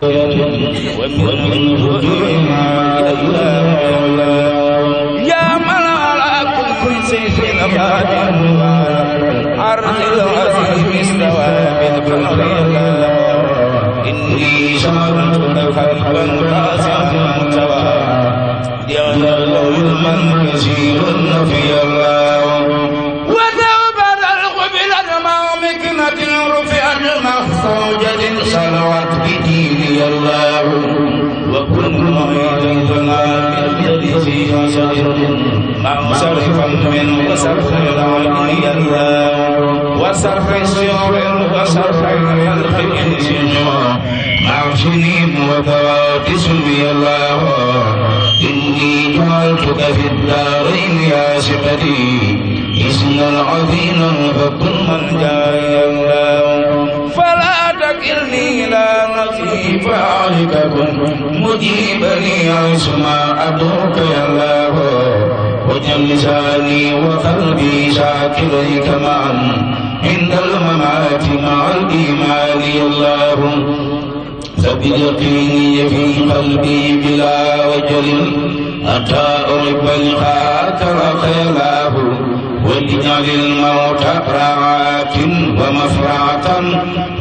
Ya malakul kunci fil abadi Arzil aziz mistawa min bulli Inni syaratu nakhalban rasyah mutawa Ya Allah ilman kisirun nafiyallah وصرف الأولياء وصرف الشعر وصرف الخلق الانتقاء معصوم وفواكس بي الله إني جعلتك في الدارين يا صفتي اسما عظيما فكن جاي الله فلا تكلني إلى نفسي فعلك كن مجيبني عصما أدعوك يا الله وجلساني لساني وقلبي شاكريك معا عند الممات مع الإيمان الله ثبت يقيني في قلبي بلا وجل حتى أحب لقاك خيلاه واجعل الموت راعة ومفرعة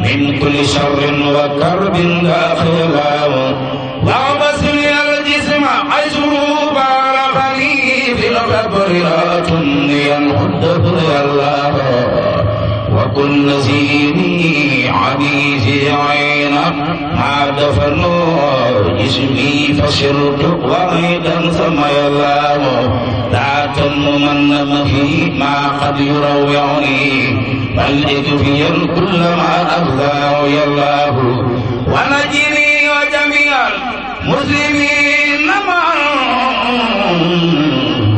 من كل شر وكرب داخلاه نسيمي عبيدي عينا عاد فنور جسمي فصرت وعيدا ثم يلام ذات ممنم في ما قد يروعني بل اكفيا كل ما أفضى يلاه ونجني وجميع المسلمين معا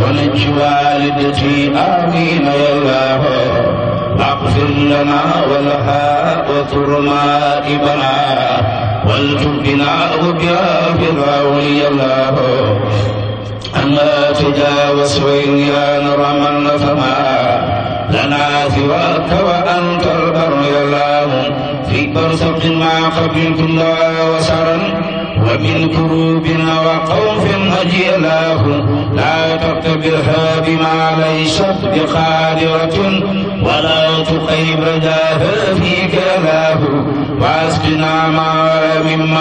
ونجي والدتي آمين يا الله اغفر لنا ولها وترنا ابنا والتبنا وبها فرعون الله أما تجاوز وإن نرى من فما لنا سواك وأنت البر يا الله في برزق ما قبلت الله وسرا ومن كروبنا وخوف الله لا تقتبلها بما ليست بقادرة ولا تخيب دافر فيك له واسقنا ما من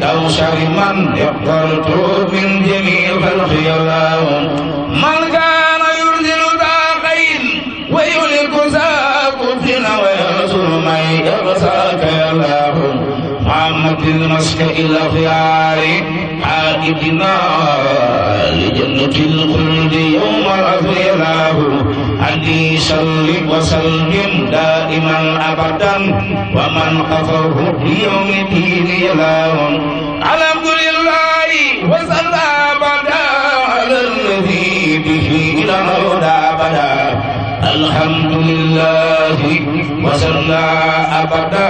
لو كوثر من يقدرت من جميع خلق الله من كان يرسل داقين ويهلك ساق الدين وينصر من يرساك يا الله محمد المسك إلى خيار عائدنا لجنة الخلد يوم له Andi salib wa salim da iman abadan wa man kafaru yaumi dini lawan Alhamdulillah wa salam ala al-Nabi bihi ila nauda abada Alhamdulillah wa salam abada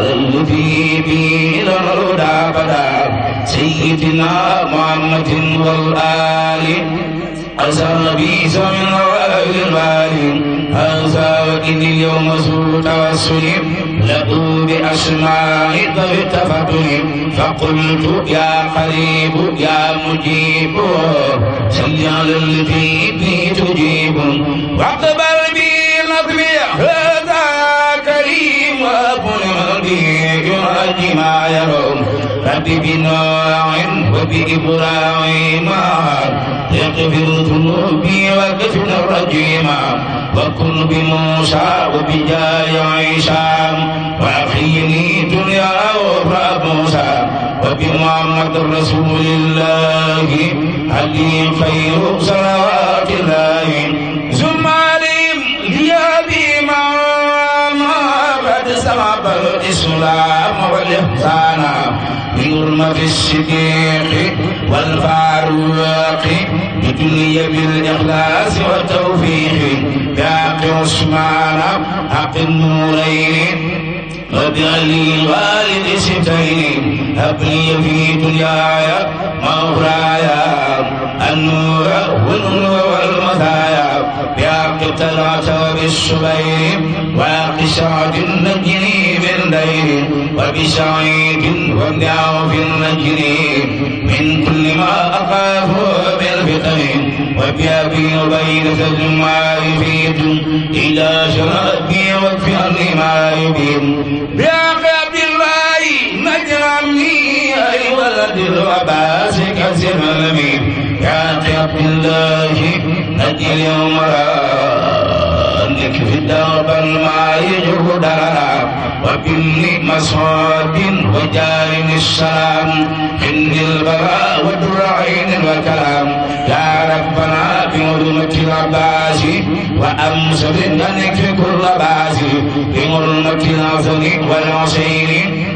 al-Nabi bihi ila nauda abada Sayyidina Muhammadin wal-Ali أنسى النبي من رواب المال هذا وإن اليوم زور توسل لقوا بأسماء ذوي تفضل فقلت يا قريب يا مجيب سجل الذي بي تجيب واقبل بي نظمي به يراج ما يرون رب بنوع وبإبراهيم يغفر ذنوبي وكشف الرجيم وكن بموسى وبجاي عيسى وأحيني دنيا وأخرى موسى وبمحمد رسول الله علي خير صلوات الله الإسلام والإحسان يرمى في الشقيق والفاروق بدنيا بالإخلاص والتوفيق باقي عثمان حق النورين علي الوالد سبتين أبني في دنيايا مغرايا النور والنور والمثايا بأرقط العتاب الشبيب وقشعة النجري بالليل وبشعيد وبعوف النجري من كل ما أخاف بالفتن وبأبي وبينة ما يفيد إلى شرابي واكفرني ما يبيد عبد الله نجرمي أي ولد العباس كسر الميم يا عبد الله أنت اليوم عندك في دربا ما يجهدنا وبامن مصاد وجار السلام عند البراء والدرعين وكلام يا ربنا بمظلمة العباس وأمسد منك كل باس بمظلمة العظم والعصير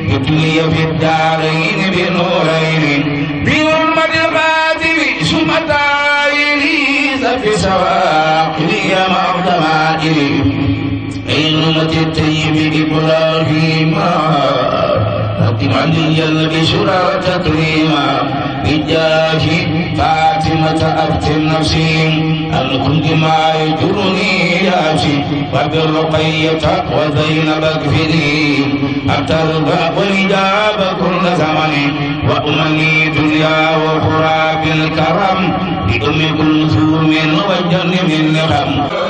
يبلي في الدارين بنورين بمظلمة القادم سمتا بسواقب يا معتمائل علمة الطيب إبراهيم أقم علي البشرى وتكريما بجاه فاطمة أبت نفسي أن كنت ما يجرني ياسي وبالرقية وزينب اكفري أترضى والإجابة كل زمن وأمني دنيا وأخرى بالكرم بأم كلثوم xam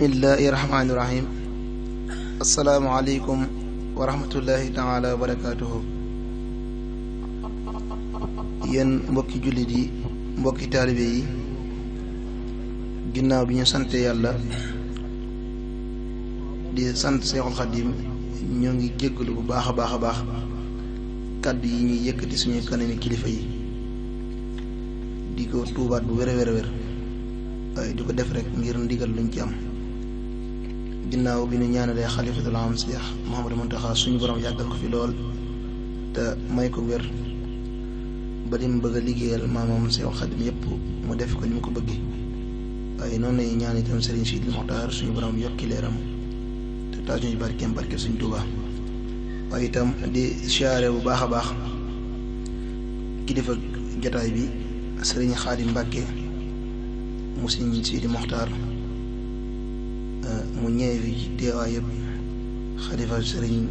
بسم الله الرحمن الرحيم السلام عليكم ورحمة الله تعالى وبركاته yéen mbokki jullit yi mbokki taalibe yi ginnaaw bi ñu sante yàlla di sant Seexul Xadim ñoo ngi jéggalu bu baax a baax a baax kàddu yi ñuy yëkkati suñu kanami kilifa yi di ko tuubaat bu wér a wér a wér waaye di ko def rek ngir ndigal luñ ci am ginnaaw bi ñu ñaanalee xalifatul am Cheikh Mouhamadou Mountakha suñu borom yàggal ko fi lool te may ko wér ba li mu bëgg a liggéeyal maamam Cheikh Khadim yëpp mu def ko ni mu ko bëggee waaye noonu lay ñaan itam Serigne Sidi Mokhtar suñu borom yokki leeram te taaj ñu barkeem barke suñu Tuubaa waaye itam di siyaare bu baax a baax kilifa jotaay bi Serigne Khadim Mbacke mu Serigne Sidi Mokhtar. mu ñëwee fii ci teewaay yëpp xalifa sëriñ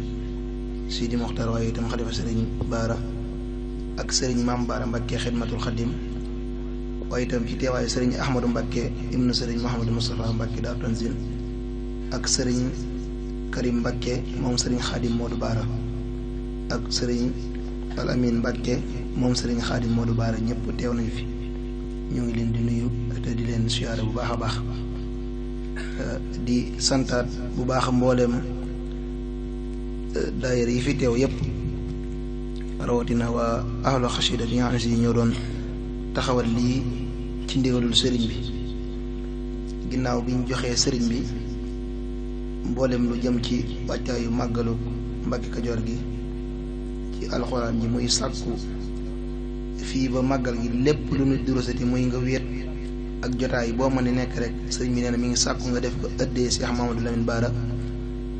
Sidi Moxtar waaye itam xalifa sëriñ Baara ak sëriñ Maam Baara Mbàkke xidmatul xadim waaye itam ci teewaayu sëriñ Ahmadou Mbàkke ibnu sëriñ Mouhamadou Moustapha Mbàkke daa tanzil ak sëriñ Karim Mbàkke moom sëriñ Xaadim Moodu Baara ak sëriñ Al Amin moom sëriñ moo du Baara ñëpp teew nañ fi ñoo ngi leen di nuyu te di leen siyaare bu baax a baax Eh, di santaat bu baax mbooleem eh, daayira yi fi teew yépp rawatina waa ahlu xasida yi ñoo doon taxawal lii ci ndigalul sëriñ bi ginnaaw biñ joxee sëriñ bi mbooleem lu jëm ci wàccaayu màggalu Mbàkke Kajoor gi ci alxuraan ji muy sàkku fii ba màggal gi lépp lu ñu durusati muy nga wéet ak jotaay boo mën a nekk rek sëriñ bi nee na mi ngi sàkku nga def ko ëddee Cheikh Mamadou Lamine Bara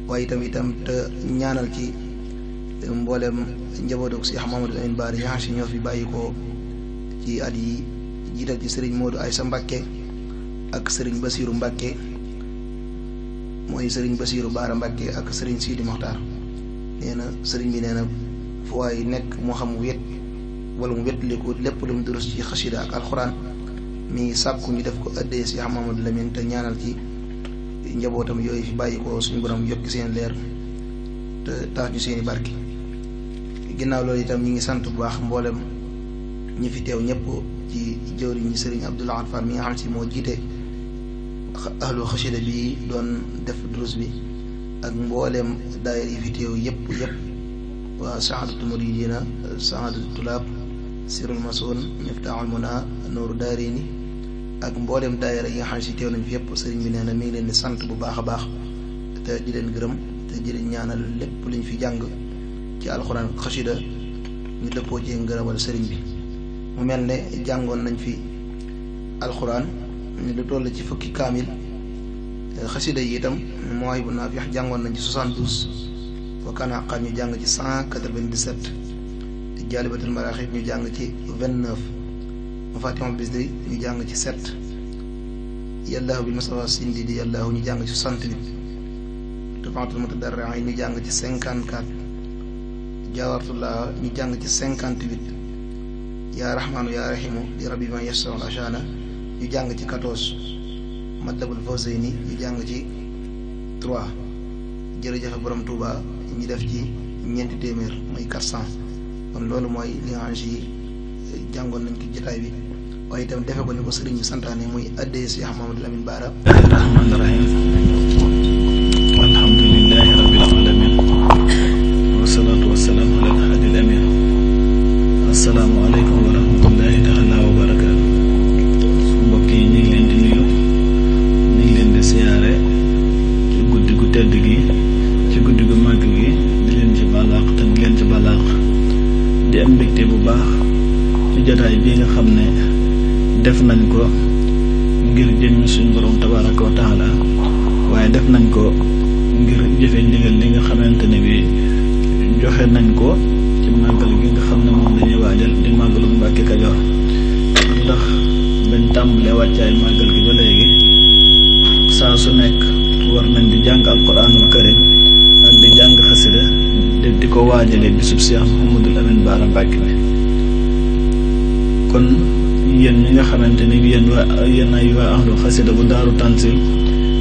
waaye itam itam te ñaanal ci mboolem njabootu Cheikh Mamadou Lamine Bara ñi xam si ñoo fi bàyyi ko ci at yi jiital ci sëriñ Modou Aïssa Mbacke ak sëriñ Basirou Mbacke mooy sëriñ Basirou Bara Mbacke ak sëriñ Sidi Mokhtar nee na sëriñ bi nee na fu nekk moo xam wet wala mu wet lépp lu mu durus ci xasida ak alxuraan. mi ngi sàkku ñu def ko addee si Mouhamadou Lamine te ñaanal ci njabootam yooyu fi bàyyi ko suñu borom yokk seen leer te tax ñu seen barki ginnaaw loolu itam ñi ngi sant bu baax mbooleem ñi fi teew ñëpp ci jëwriñ ñi sëriñ Abdou Lahad Fall mi nga xam si moo jiite ahlu xasida bi doon def durus bi ak mboolem daayira yi fi teew yëpp yëpp waa saadatu muridina saadatu tulaab sirul masoon miftaahul muna nooru daarini ak mbollem daayira yi xam ci si teew nañ fi yëpp sëriñ bi neena mi leen di sant bu baaxa baax te di leen gërëm te di leen ñaanal lépp luñ fi jàng ci alquran khashida ñu depo ci ngeerawal serigne bi mu melne ne jàngoon nañ fi alquran ñu do toll ci fukki kamil khashida yi itam moy bu naaf yax jàngoon nañ ci 72 wa kana xaar ñu jàng ci 197 jalibatul maraqib ñu jàng ci 29 Mafatihul Bichri ñu jàng ci sept yàllaahu bi masawa sindi di yàllaahu ñu jàng ci soixante huit Tuhfatul mutadarriin ñu jàng ci cinquante quatre jaawartullah ñu jàng ci cinquante huit yaa rahmaanu yaa rahimu di rabbi man yassarul ashana ñu jàng ci quatorze Matlabul Fawzayni ñu jàng ci trois jërëjëfe borom Touba ñu def ci ñeenti téeméer mooy quatre cent kon loolu mooy li nga jàngoon nañ ko jotaay bi waaye itam defe ko ne ko sëriñ bi santaane muy addee si Mamadou Lamine Bara rahmaan rahim def nañ ko ngir jëfe ndigal li nga xamantene bi joxe nañ ko ci magal gi nga xamne mom dañu wajal di magal bu mbacke ka jox ndax dañ tambalé waccay magal gi ba légui sa su nek war nañ di jang alquran ul karim ak di jang khassida di diko wajale bisub cheikh muhammadul amin bara mbacke bi kon yen ñi nga xamantene bi yen wa yen ay wa ahlu khassida bu daru tansil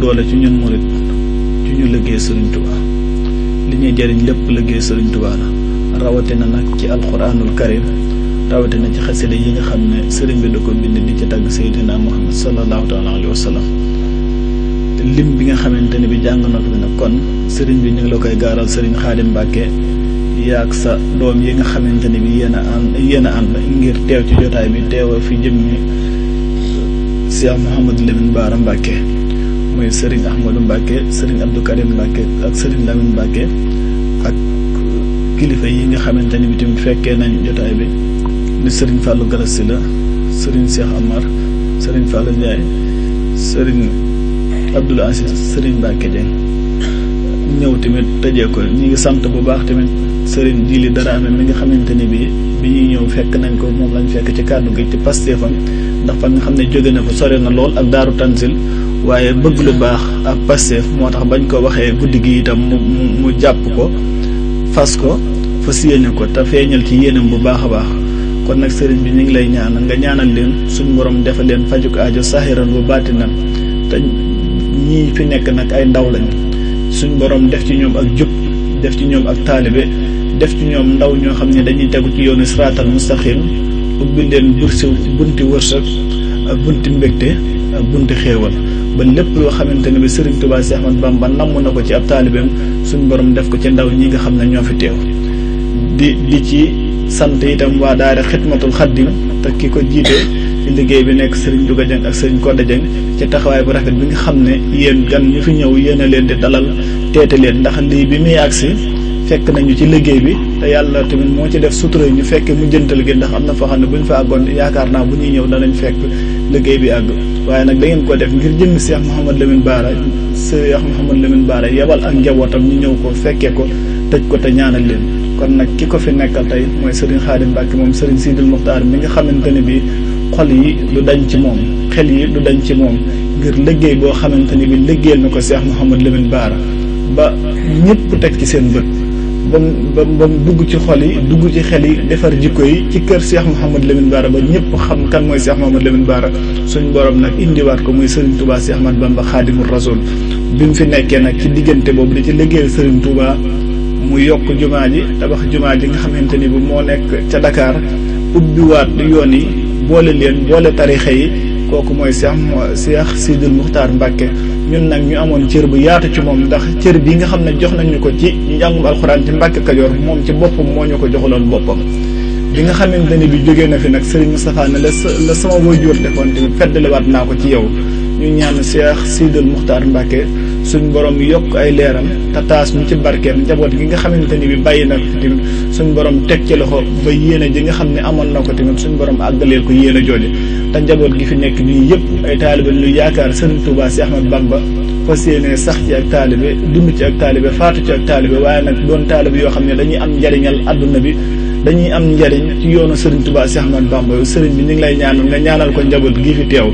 doole ci ñun murit ci ñu liggéey sëriñ Tuubaa li ñuy jariñ lépp liggéey sëriñ Tuubaa la rawatina nag ci alxuraanul karim rawatina ci xasida yi nga xam ne sëriñ bi da ko bind di ci tàgg Seydina Muhammad sallallahu taala alayhi wa bi nga xamante ne bi jàng na ko nag kon sëriñ bi ñu la koy gaaral sëriñ Xaadim Mbàkke yaag sa doom yi nga xamante ne bi yéen a ànd yéen a ngir teew ci jotaay bi teewa fi jëmmi Cheikh Mouhamadou Lamine Bara Mbàkke muy Serigne Ahmadou Mbacke Serigne Abdou Karim Mbacke ak Serigne Lamine Mbacke ak kilifa yi nga xamante ni bi tamit fekkee nañu jotaay bi di Serigne Fallou Galas Sylla Serigne Cheikh Amar Serigne Fallou Ndiaye Serigne Abdoul Aziz Serigne Mbacke Dieng ñëw tamit tëjee ko ñu ngi sant bu baax tamit Serigne Jili Daraame mi nga xamante ni bi bi ñuy ñëw fekk nañ ko moom lañ fekk ci kàddu gi ci pasteefam ndax fan nga xam ne jóge na fa sore na lool ak daaru tanzil waaye bëgg lu baax ak pasteef moo tax bañ ko waxee guddi gi itam mu mu jàpp ko fas ko fas yéene ko te feeñal ci yéenam bu baax a baax kon nag sëriñ bi ñu ngi lay ñaanal nga ñaanal leen suñ borom defal leen faju fajuk aajo saxiran bu baatinan te ñii fi nekk nag ay ndaw lañ suñ borom def ci ñoom ak jub def ci ñoom ak taalibe def ci ñoom ndaw ñoo xam ne dañuy tegu ci yoonu siraatal mustaqim ubbi leen bursi bunti wërsëg bunti mbégte bunti xéewal ba lépp loo xamante ne bi sëriñ Touba Cheikh Ahmad Bamba namm na ko ci ab taalibeem suñ borom def ko ci ndaw ñi nga xam ne ñoo fi teew di di ci sant itam waa daara xidmatul xaddim te ki ko jiite ci liggéey bi nekk Serigne Duga Dieng ak Serigne Kodda Dieng ci taxawaay bu rafet bi nga xam ne yéen gan ñu fi ñëw yéen a leen di dalal teete leen ndax lii bi muy agsi fekk nañu ci liggéey bi te yàlla tamit moo ci def sutura ñu fekkee mu jëntal gi ndax am na foo xam ne bu ñu fa àggoon yaakaar naa bu ñuy ñëw danañ fekk liggéey bi àgg waaye nag dangeen ngeen ko def ngir jëmmi Cheikh Mouhamad Lamine baara Cheikh Mouhamad Lamine Bara yebal ak njabootam ñu ñëw ko fekkee ko tëj ko te ñaanal leen kon nag ki ko fi nekkal tey mooy Serigne Khadim Mbacke moom Serigne Sidil Mokhtar mi nga xamante ne bii xol yi du dañ ci moom xel yi du dañ ci moom ngir liggéey boo xamante ni bi liggéeyal na ko Cheikh Mouhamad Lamine Bara ba ñëpp teg ci seen bët ba mu ba mu dugg ci xol yi dugg ci xel yi defar jikko yi ci kër seex Cheikh Mouhamad Lamine Bara ba ñëpp xam kan mooy Cheikh Mouhamad Lamine Bara suñ borom nag indiwaat ko muy Serigne Touba Cheikh Ahmad Bamba Khadimul Rasoul bi mu fi nekkee nag ci diggante boobu di ci liggéeyal Serigne Touba mu yokk jumaa ji tabax jumaa ji nga xamante ni bi moo nekk ca Dakar ubbiwaat yoon yi boole leen boole tarixa yi. kooku mooy am seex seex Sidil Muxtaar Mbàkke ñun nag ñu amoon cër bu yaatu ci moom ndax cër bi nga xam ne jox nañu ko ci njàngum alxuraan ci Mbàkke Kajoor moom ci boppam moo ñu ko joxaloon boppam bi nga xamante ne bi jógee na fi nag Serigne Moustapha ne la la sama waajur defoon tamit feddaliwaat naa ko ci yow ñu ñaan Cheikh Sidal Muxtaar Mbacke suñ borom yokk ay leeram tataas ñu ci barkeem njaboot gi nga xamante ni bi bàyyi na suñ borom teg ci loxo ba yéene ji nga xam ne amoon na ko tamit suñ borom àggaleel ko yéene jooje te njaboot gi fi nekk nii yëpp ay taalibe ñu yaakaar Serigne Touba Cheikh Ahmad Bamba fas yéene sax ci ak taalibe dund ci ak taalibe faatu ci ak taalibe waaye nag doon taalibe yoo xam ne dañuy am njariñal adduna bi dañuy am njariñ ci yoonu Serigne Touba Cheikh Ahmad Bamba yow Serigne bi ñu ngi lay ñaanal nga ñaanal ko njaboot gi fi teew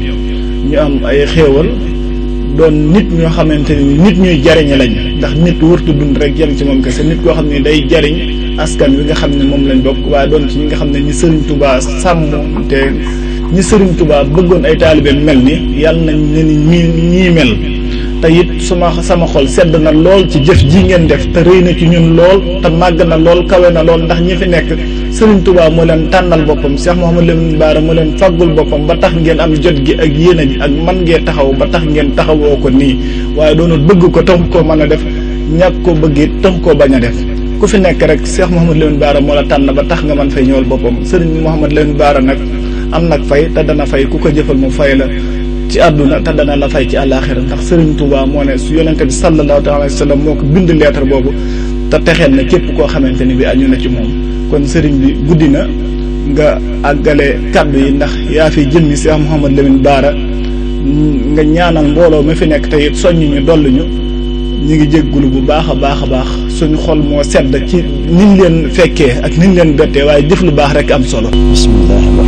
ñu am ay xéewal doon nit ñoo xamante ne nit ñuy jariñ lañ ndax nit wërtu dund rek jariñ ci moom kese nit koo xam ne day jariñ askan wi nga xam ne moom lañ bokk waaye doon ci ñi nga xam ne ñi sëriñ tubaa sàmm te ñu sëriñ tubaa bëggoon ay taalibe mel ni yàlla nañ ne ni ñii mel te it suma sama xol sedd na lool ci jëf ji ngeen def te rëy na ci ñun lool te màgg na lool kawe na lool ndax ñi fi nekk Serigne tubaab moo leen tànnal boppam Cheikh Mouhamadou Lamine Bara moo leen faggul boppam ba tax ngeen am jot gi ak yéene ji ak man ngee taxaw ba tax ngeen taxawoo ko nii waaye doonu bëgg ko tax koo mën a def ñàkk koo bëggee tax koo bañ a def ku fi nekk rek Cheikh Mouhamadou Lamine Bara moo la tànn ba tax nga mën fay ñëwal boppam Serigne Mouhamadou Lamine Bara nag am nag fay te dana fay ku ko jëfal mu fay la ci àdduna te dana la fay ci àllaaxira ndax Sëriñ Tuubaa moo ne su yonente bi sallallahu taala alayhi wa sallam moo ko bind leetar boobu te texeel na képp koo xamante ni bi aju na ci moom kon sëriñ bi guddi na nga àggale kàddu yi ndax yaa fi jëmmi Cheikh Mouhamad Lamine Baara nga ñaanal mbooloo mi fi nekk te it soññu ñu dollu ñu ñu ngi jéggulu bu baax a baax a baax suñu xol moo sedd ci niñ fekkee ak niñ leen bettee waaye jëf lu baax rek am solo bismillah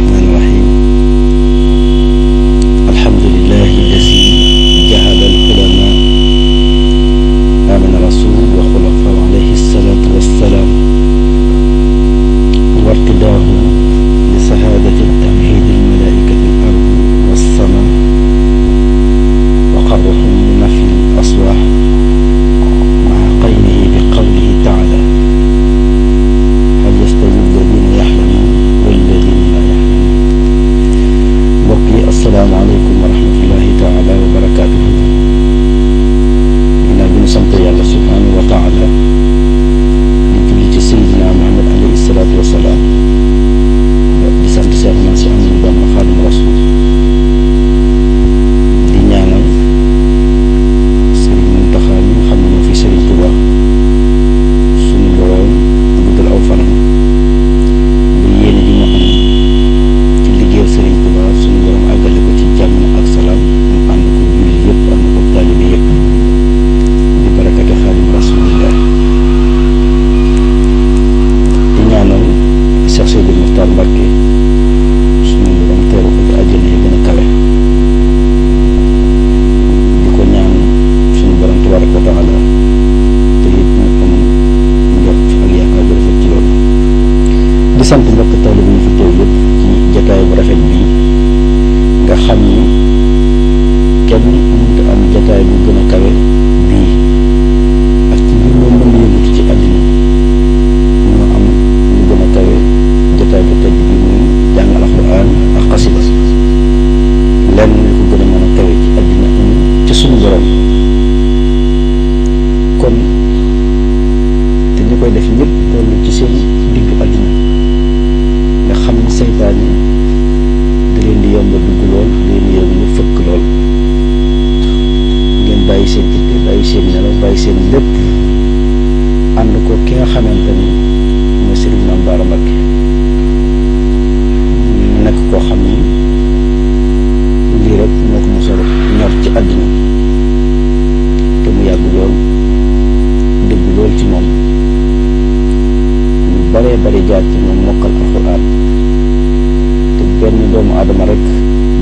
benn doomu aadama rek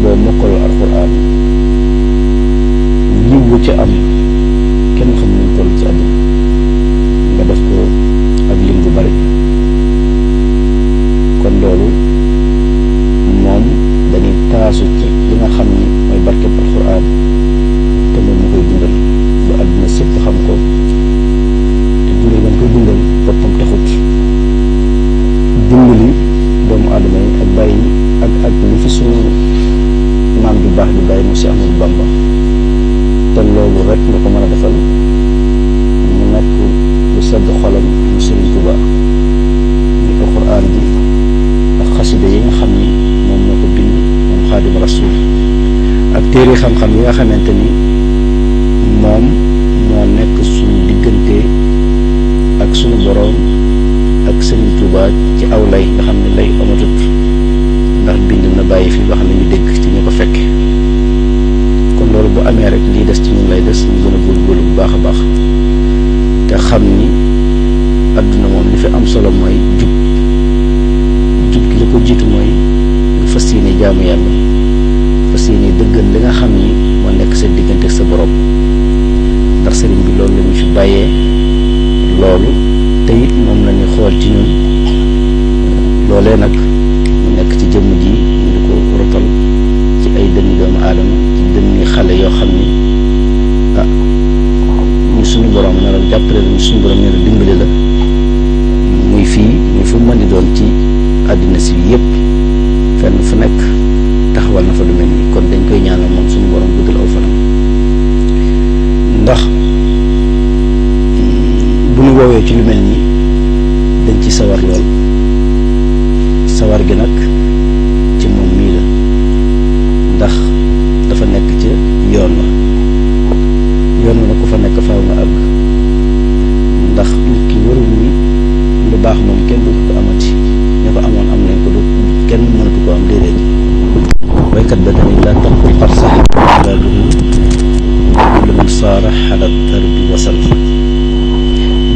boo mokkalu alxuraan yiw wu ci am kenn xam nañ toll ci àddina nga def ko ak lim bu bari kon loolu moom dañuy taasu ci li xam ni mooy barkeb alxuraan te moom mu koy dundal ba àddina sépp xam ko te dundal nga koy dundal boppam taxut dimbali aadama yi ak bàyyi ak maam ju baax ju bàyyi mu si amul bamba te loolu rek nga ko mën a defal mu nekk lu sedd xolam mu Sëriñ Tuubaa ni ko Quraan bi ak xasida yi xam ni moom moo ko bind moom Xaadim Rasuul ak téere xam-xam yi nga xamante ni moom moo nekk suñu diggante ak suñu boroom ak Serigne Touba ci aw lay nga xam ne lay amatut ndax bind na bàyyi fii fi wax nañu dégg ci ñu ko fekke kon loolu bu amee rek lii des ci ñun des ñu gën a góorgóorlu bu baax a baax te xam ni adduna moom li fi am solo mooy jub jub li ko jiit mooy nga fas yéene jaamu yàlla fas yéene dëggal li nga xam ni moo nekk seen diggante sa boroom ndax sëriñ bi loolu la fi bàyyee loolu teyit moom la ñu xool ci ñun loolee nag mu nekk ci jëmm ji ñu di ko rotal ci ay dënni doomu aadama ci dënni xale yoo xam ni ah ñu suñu borom ne la jàppale la ñu suñu borom ne la dimbali la muy fii muy fu mën di doon ci àddina si yëpp fenn fu nekk taxawal na fa lu mel ni kon dañ koy ñaanal moom suñu borom guddal aw fanam ndax bu mu woowee ci lu mel nii dañ ci sawar lool sawar gi nag ci moom mii la ndax dafa nekk ci yoon la yoon la ku fa nekk faaw nga àgg ndax ki warul ni lu baax moom kenn du ko amati ña ko amoon am nañ ko du kenn mënatu ko am déedéet baykat ba dañuy laa tax par sax laa dugg lu saara xalaat darbi wasal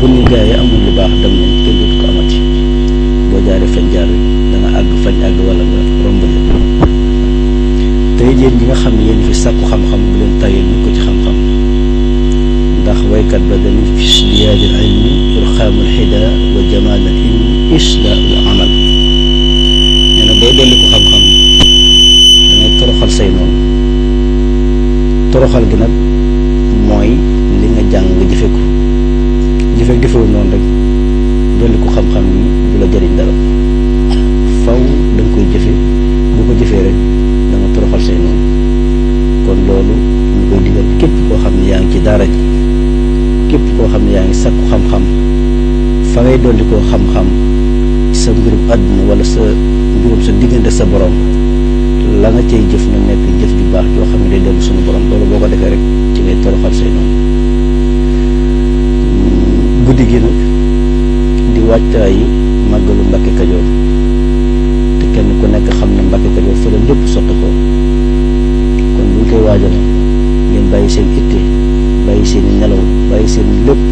bu ñu gaayee amul lu baax dem nañ kenn dootu ko amati boo jaaree fañ jaar da nga àgg fañ àgg wala nga romb leen tey yéen ñi nga xam ne yéen fi sàkku xam-xam bu leen tayal ñu ko ci xam-xam ndax waykat ba dañu fi siyaadil ilmi irxaamul xida wa jamaalal ilmi islaahul boo dolli xam-xam dangay toroxal say noonu toroxal gi nag mooy li nga jàng nga jëfe ko li fekk noonu rek dolli ko xam-xam ni du la jëriñ dara faw da nga koy jëfe boo ko jëfee rek da nga toroxal say noonu kon loolu ñu koy digal képp koo xam ne yaa ngi ci daara ji képp koo xam ne yaa ngi sakku xam-xam fa ngay dolli koo xam-xam sa mbirum àdduna wala sa mbirum sa diggante sa borom la nga cay jëf na nekk jëf ju baax joo xam ne day dellu suñu borom loolu boo ko defee rek ci ngay toroxal say noonu guddi gi nag di wàccaayi màggalu Mbàkke Kajoor te kenn ku nekk xam ne Mbàkke Kajoor lépp sotti ko kon bu ñu koy waajal ngeen bàyyi seen itte bàyyi seen i nelaw bàyyi seen lépp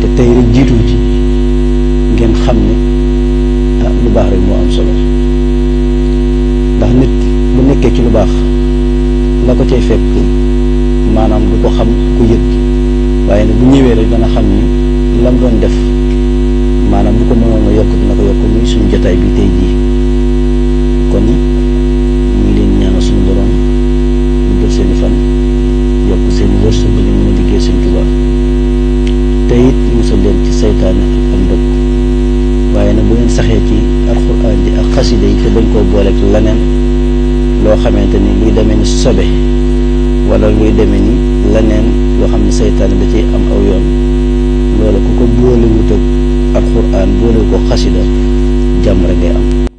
te tey rek jiitu ci ngeen xam ne ah lu baax rek moo am solo ndax nit bu nekkee ci lu baax la ko cay fekk maanaam du ko xam ku yëg waaye nag bu ñëwee rek dana xam ni. lam doon def maanaam bu ko mënoon a yokk dina ko yokk muy suñu jotaay bi tey jii kon ñu leen ñaanal suñu borom guddal seen i fan yokk seen i wërsëg ba ñu mën liggéey seen tubaab te it leen ci saytaane am dëkk waaye nag bu ngeen saxee ci alxuraan ji ak xasida yi te bañ koo booleeg leneen loo xamante ni luy demee ni sobe wala luy deme ni leneen loo xam ne seytaane da ciy am aw yoon. loola ku ko boolewut ak alxuraan boole ko xasida jàmm rek am